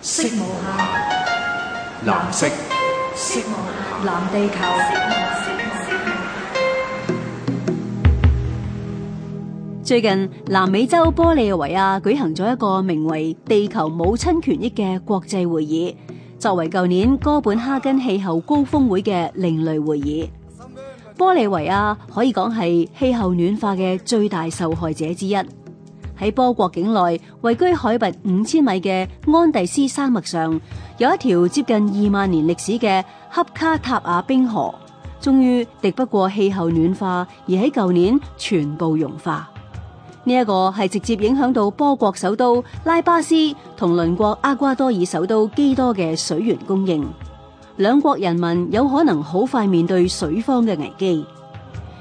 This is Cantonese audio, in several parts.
色無下藍色，色無下，藍地球。最近南美洲玻利維亞舉行咗一個名為《地球母親權益》嘅國際會議，作為舊年哥本哈根氣候高峰會嘅另類會議。玻利維亞可以講係氣候暖化嘅最大受害者之一。喺波國境內，位居海拔五千米嘅安第斯山脈上，有一條接近二萬年歷史嘅恰卡塔亞冰河，終於敵不過氣候暖化，而喺舊年全部融化。呢、這、一個係直接影響到波國首都拉巴斯同鄰國厄瓜多爾首都基多嘅水源供應，兩國人民有可能好快面對水荒嘅危機。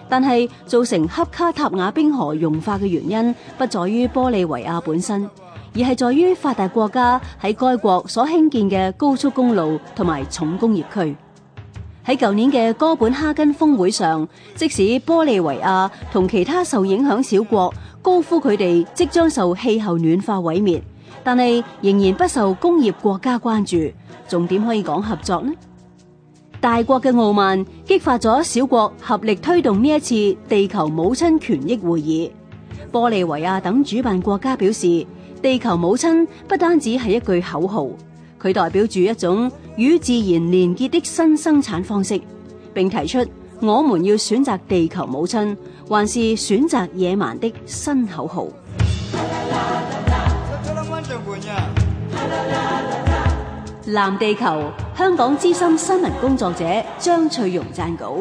但係造成黑卡塔亞冰河融化嘅原因，不在於玻利維亞本身，而係在於發達國家喺該國所興建嘅高速公路同埋重工業區。喺舊年嘅哥本哈根峰會上，即使玻利維亞同其他受影響小國高呼佢哋即將受氣候暖化毀滅，但係仍然不受工業國家關注，仲點可以講合作呢？大國嘅傲慢激發咗小國合力推動呢一次地球母親權益會議。玻利維亞等主辦國家表示，地球母親不單止係一句口號，佢代表住一種與自然連結的新生產方式，並提出我們要選擇地球母親，還是選擇野蠻的新口號。啊啊啊啊啊啊啊藍地球，香港資深新聞工作者張翠容撰稿。